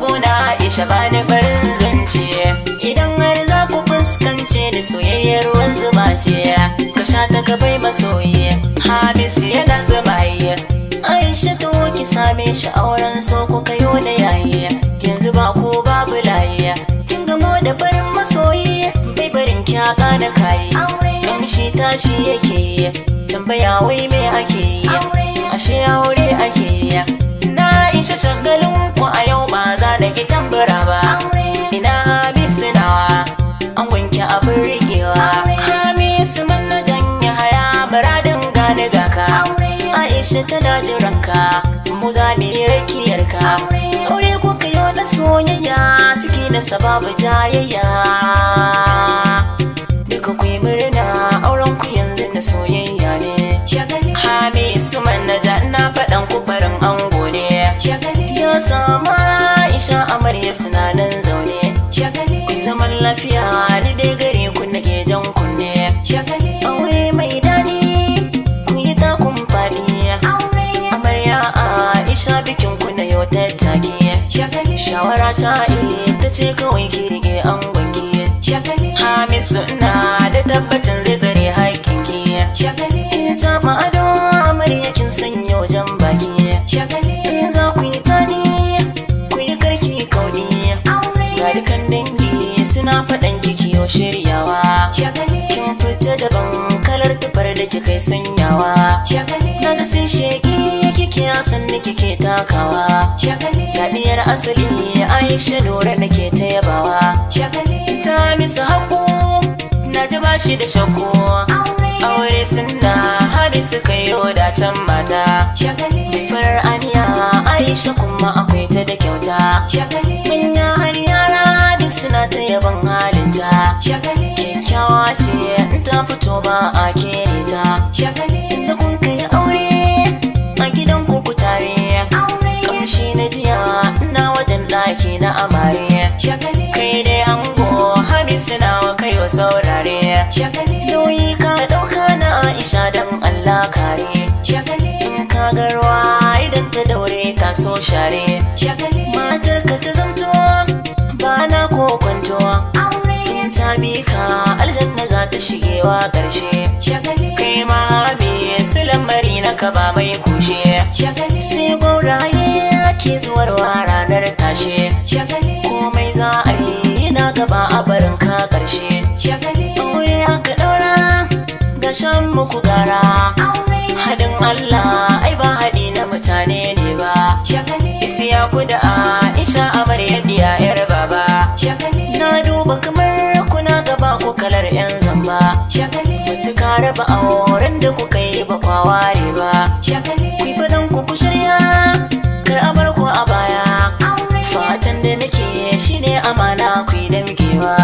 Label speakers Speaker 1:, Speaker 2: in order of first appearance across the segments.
Speaker 1: gona shabani barin zance idan har za ku fuskance da soyayyar ruwan zuba ka sha ta ka bai masoyi habisi yana zuba yi aisha to ki same shi auren so ku kayo da yayi da barin masoyi bai barin kyaka da kayi kamshi tashi yake tambaya wai me ake yi ashe aure ake yi na isa shagalin ku a yau ba za da ki tambara ba ina hamisu nawa an wanke abin rigewa hamisu man na janye haya bara gane ga ka aisha tana jiranka mu za mu yi rakiyarka aure kuka yi wani soyayya nasa babu jayayya duka ku yi murna auren ku yanzu na soyayya ne hami su ja ina faɗan ku barin ango ne ya sama isha amarya suna nan zaune ku zaman lafiya shawara ta iya ta ce kawai ki rige an gwanki hamisu na da tabbacin zai tsare haƙƙin ki ta ma'ado amarya kin sanya wajen baki za ku yi tani ku yi karki kauni ga dukan dangi suna faɗan kiki yau shiryawa kin fita daban kalar tufar da kika sanyawa na da sun gaskiya sanni kike takawa Gadiyar asali Aisha Nura nake ta yabawa Ta misu haku na ji bashi da shakku Aure sunna hari suka yi can mata Farar aniya Aisha kuma akwai ta da kyauta Manya har yara duk suna ta yaban halinta Kyakkyawa ce Allah kare shagale ka ga idan ta daure ka so share shagale matar ka ta zanto bana ko kwanto aure ta bi ka aljanna za ta shigewa karshe shagale kai ma me silamari na ka ba mai kushe shagale sai gauraye ke zuwarwa ranar tashe shagale komai za a yi na gaba a barin ka karshe shagale muku gara haɗin Allah ai ba haɗi na mutane ne ba isiya ku da Aisha amaryar ya yar baba na duba kamar kuna gaba ku kalar yan zamba mutuka raba auren da kuka yi ba kwaware ba ku fadan ku ku shirya kar a bar ku a baya fatan da nake shine amana ku yi damgewa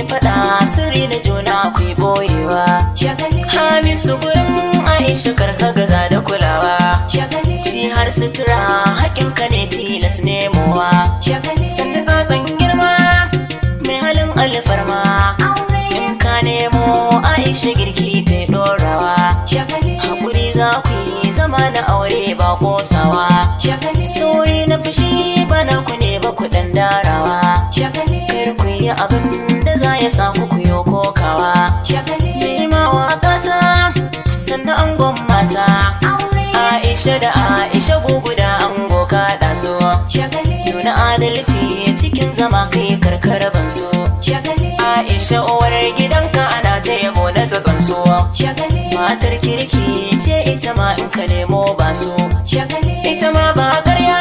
Speaker 1: yi faɗa sirri da juna ku yi boyewa hamisu gurin aisha karka gaza da kulawa ci har sutura hakin ka ne tilas nemowa sannan zazan girma mai halin alfarma in ka nemo aisha girki ta dorawa haƙuri za ku yi zama na aure ba sawa. sauri na fushi bana ku ne ba ku darawa sa ku kuyo kokawa nema waka ta sannan angon mata aisha da aisha gugu da ango kaɗa so yuna adalci cikin zama kai karkar ban so aisha uwar gidanka ana ta yabo na tsatsan so matar kirki ce ita ma in ka nemo so ita ma ba karya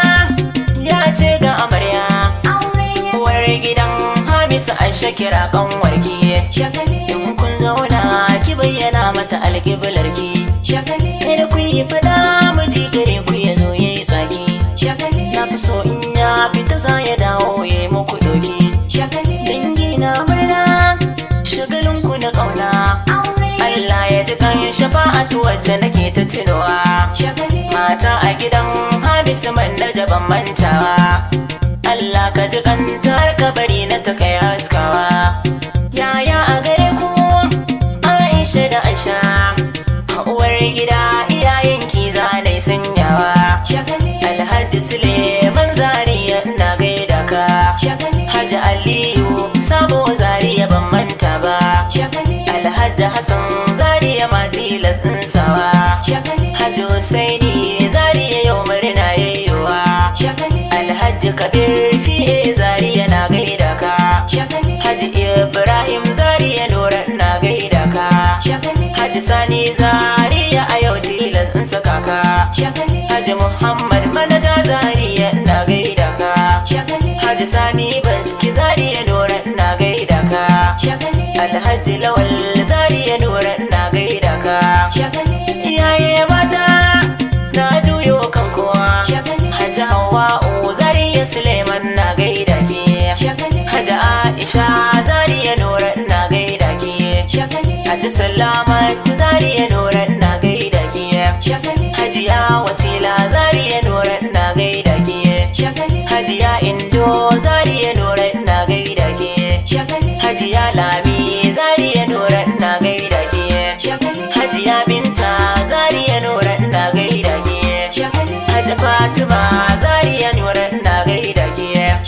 Speaker 1: ya ce ga amarya uwar bisa an shakira kan warki in kun zauna ki bayyana mata alƙiblar ki da ku yi fada miji gare ku ya zo ya yi tsaki na fi so in ya fita za ya dawo ya yi muku doki dangi na murna shagalin ku na kauna Allah ya ji kayan shafa'atu wacce nake ta tunowa mata a gidan hamisu man ban jaban mantawa Allah ka ji gida iyayen ki zane sun yawa alhaji suleiman zariya ina gaida ka hajji aliyu sabo zariya ban manta ba alhaji hassan zariya matilas ina Haji Muhammad Manaja Zariya ina gaida ka Haji Sani Baski Zariya Nura ina gaida ka Alhaji Lawal Zariya Nura ina gaida ka Iyaye mata na juyo kan kowa Haji zari Zariya Suleiman na gaida ki Haji Aisha Zariya Nura ina gaida ki Haji zari Zariya Nura ina gaida ke da fatima zariya nura na gaida giya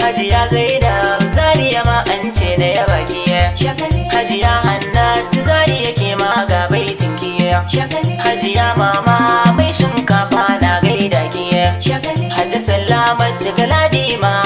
Speaker 1: hajiya gaida, zariya ma an ce na yaba giya hajiya hannatu zariya ke ma ga baitin giya hajiya mama mai shinkafa na gaida giya hajja salamar ta ma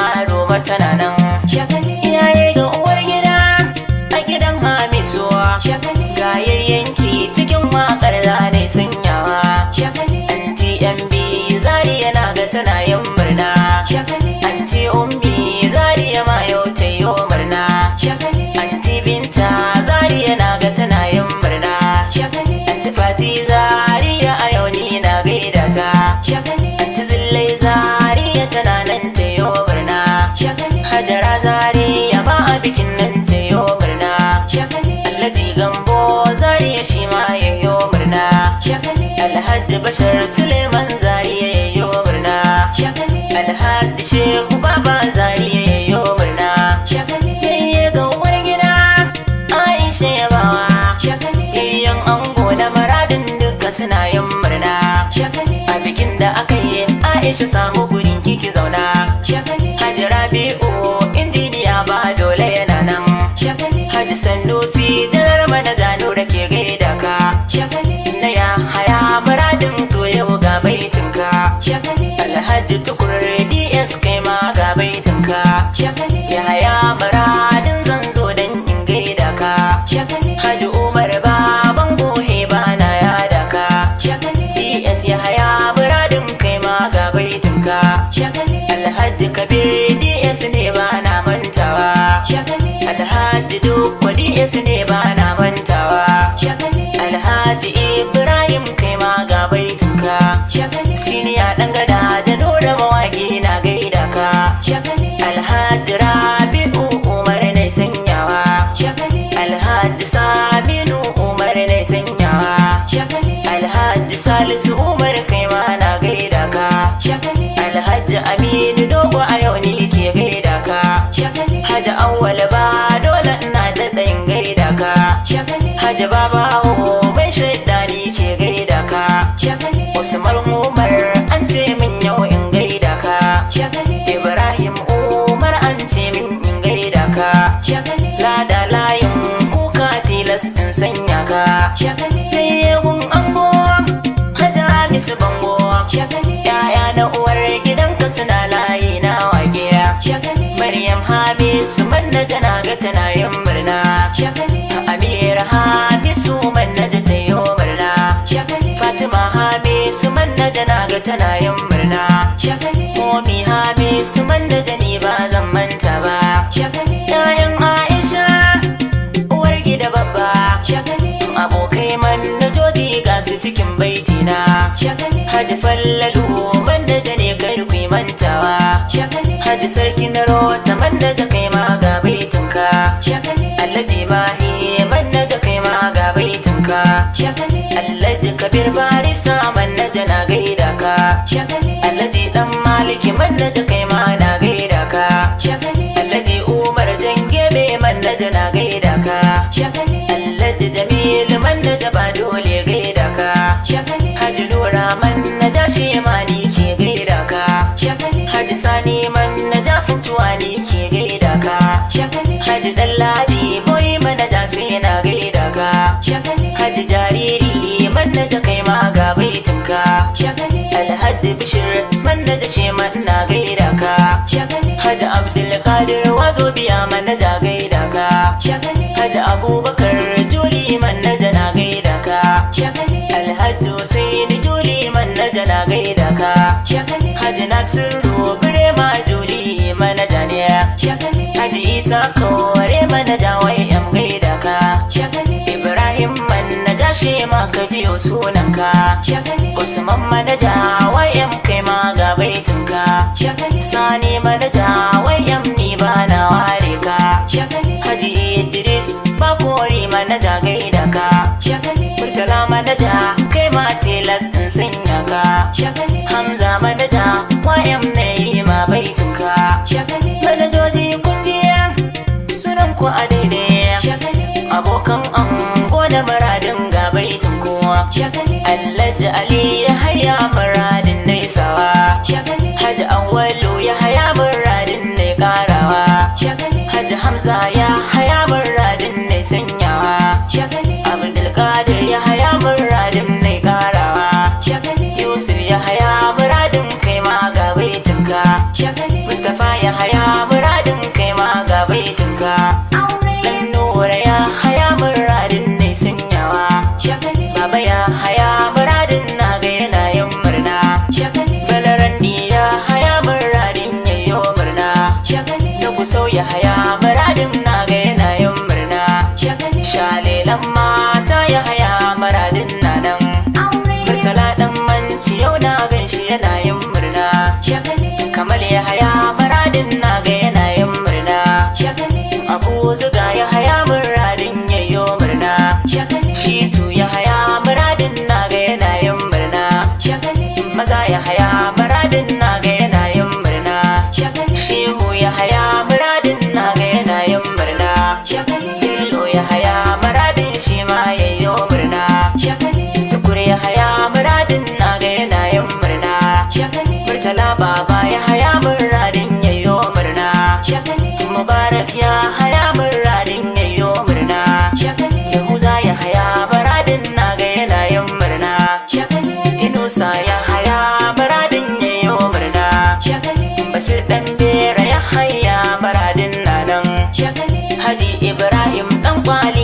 Speaker 1: bashar suleiman ya yo murna alhadi shehu baba zariye yo murna yayye ga uwar gida aisha yabawa iyan ango da maradin duka suna yin murna a bikin da aka yi aisha samu gurin kiki zauna hajjara biyu injiniya ba dole yana nan hajji sanusi janar mana Alhaji tukur DS kai ma ga baitinka Ya muradin zan zo don in gaida ka Haji Umar baban gohe bana yada ka DS ya haya muradin kai ma ga baitinka Alhaji kabir DS ne bana mantawa Alhaji duk DS ne lawal dole ina ta tsayin gaida ka hajji baba aho bai shaida ni ke gaida ka usman umar an ce min yau in gaida ka ibrahim umar an ce min in gaida ka lada layin kuka tilas in sanya ka hadi fallalu banda da ne garku mantawa hadi sarki na rota banda da kai ma ga baitinka alladi bahi banda da kai ma ga baitinka alladi kabir barista banda da na gaida ka alladi dan maliki banda da kai ma na gaida ka alladi umar jangebe banda da na gaida Hadi ladi boy manaja jasi na gida ka. isa kore mana dawai yan gaida ka ibrahim manaja shi ma ka biyo sunanka usman manaja wai yan kai ma ga baitinka sani manaja wai yan ni ba na ware ka haji idris ba kore manaja gaida ka murtala manaja kai ma tilas din sanya ka hamza manaja wayan mai ma baitinka Alhaji Ali abu zuga Alhaji Ibrahim Kwali.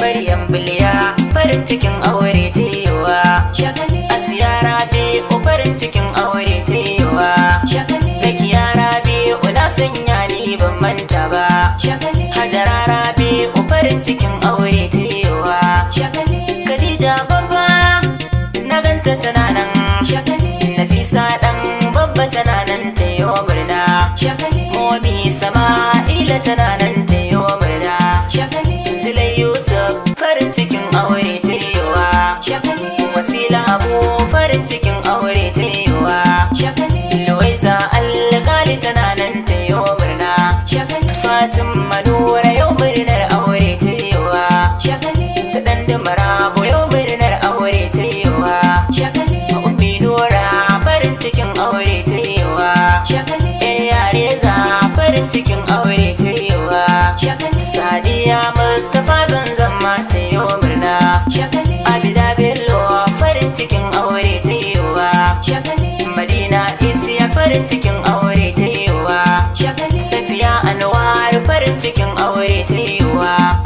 Speaker 1: Maryam biliya farin cikin aure ta yiwa Asiya Rabi'u farin cikin aure ta yiwa Nakiya Rabi'u na sanya ni ban manta ba Hajara Rabi'u farin cikin aure ta yiwa Khadija babba na ganta tana nan Nafisa dan babba tana nan ta yi wa birna Momi Sama'ila tana nan farin cikin aure ta yiwa safiya anwar farin cikin aure ta yiwa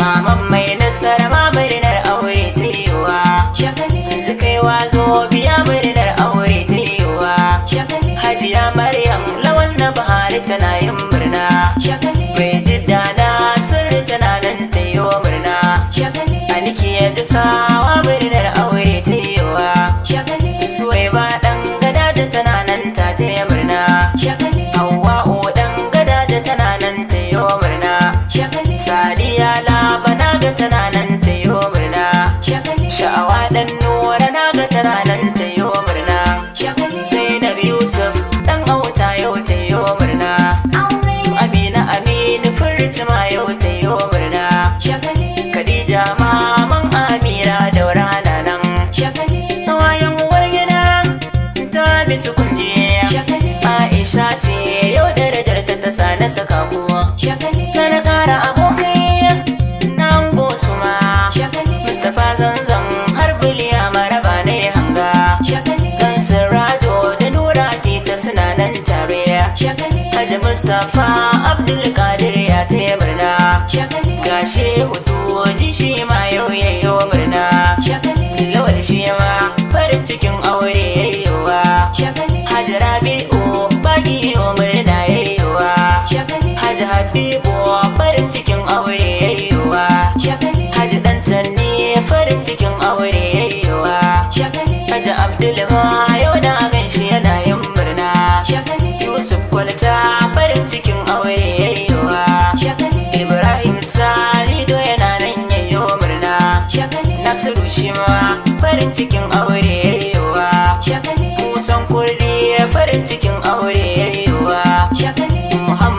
Speaker 1: maman mai nasara ma murnar aure ta yiwa yanzu zo biya murnar aure ta yiwa hajiya maryam lawan na bahari tana yi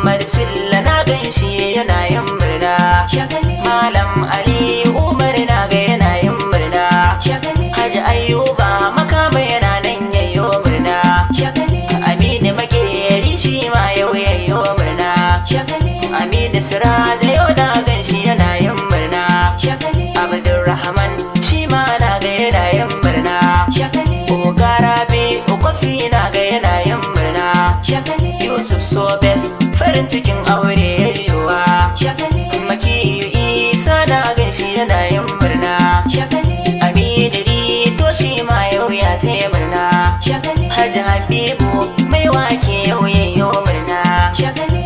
Speaker 1: Muhammad Silla na ganshi yana yin murna. Haji Habibu mai wake yauye yayyo murna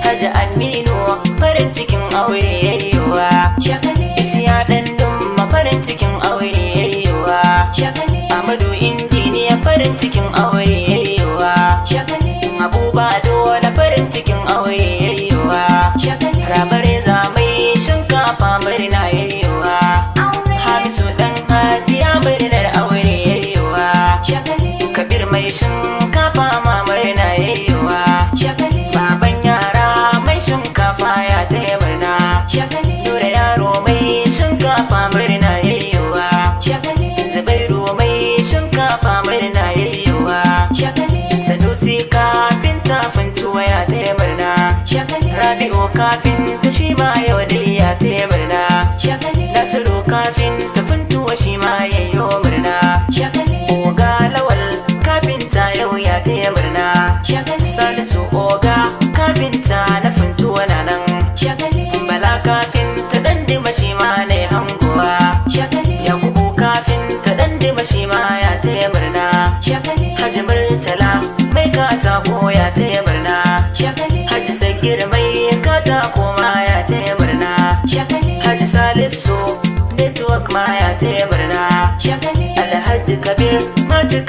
Speaker 1: Haji Aminu farin cikin aure yayyowa Isiya ɗan dumma farin cikin aure yayyowa Amadu injiniya farin cikin aure yayyowa Abuba dole farin cikin aure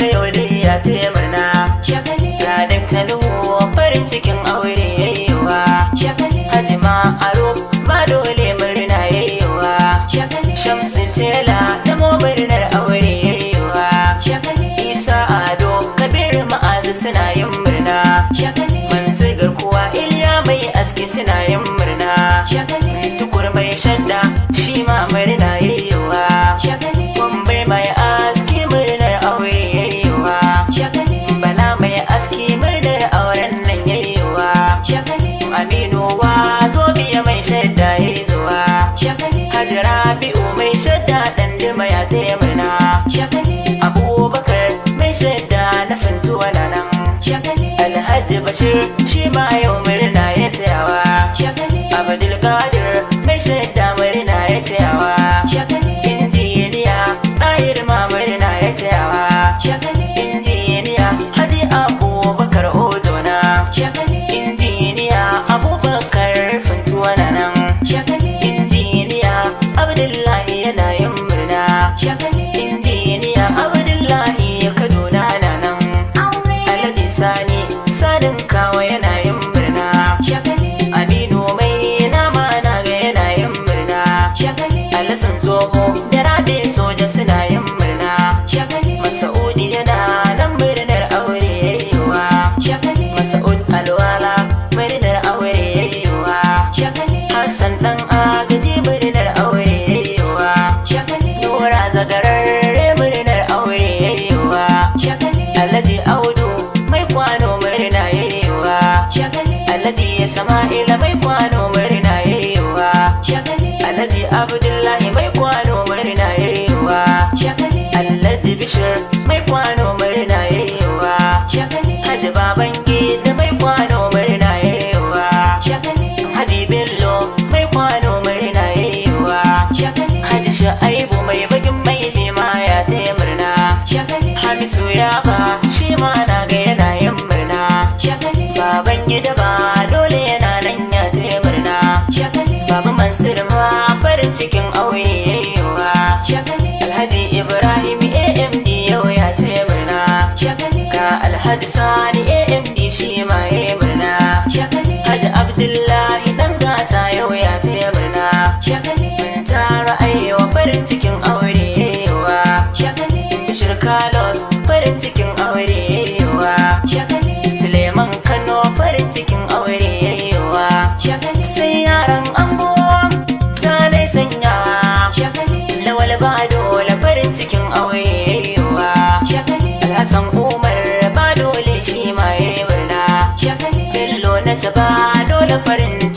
Speaker 1: ta yaudari ya taimana. Shagali. Ranar ta farin cikin aure. yau murna ya tsayawa abdulkadir mai shaida murna ya tsayawa injiniya ɗahir ma murna ya tsayawa injiniya hadi abubakar odona injiniya abubakar fintuwa na nan injiniya abdullahi yana yin murna Ismaila mai kwano bari na yayewa Alhaji Abdul sun ta ba dole farin